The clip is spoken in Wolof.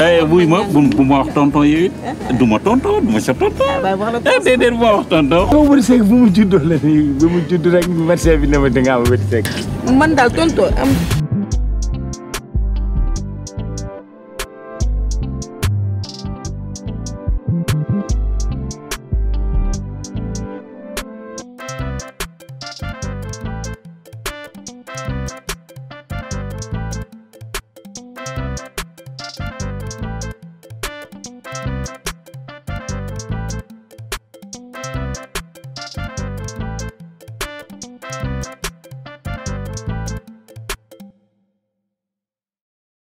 ay buy ma bu ma wax tonton yi iya. du ma tonton du ma sa tonton eh déedéet bu ma wax tonton ko wër sek bu mu juddoo la ni bu mu judd rek médecin bi ne ma da nga am wër sek man daal tonton am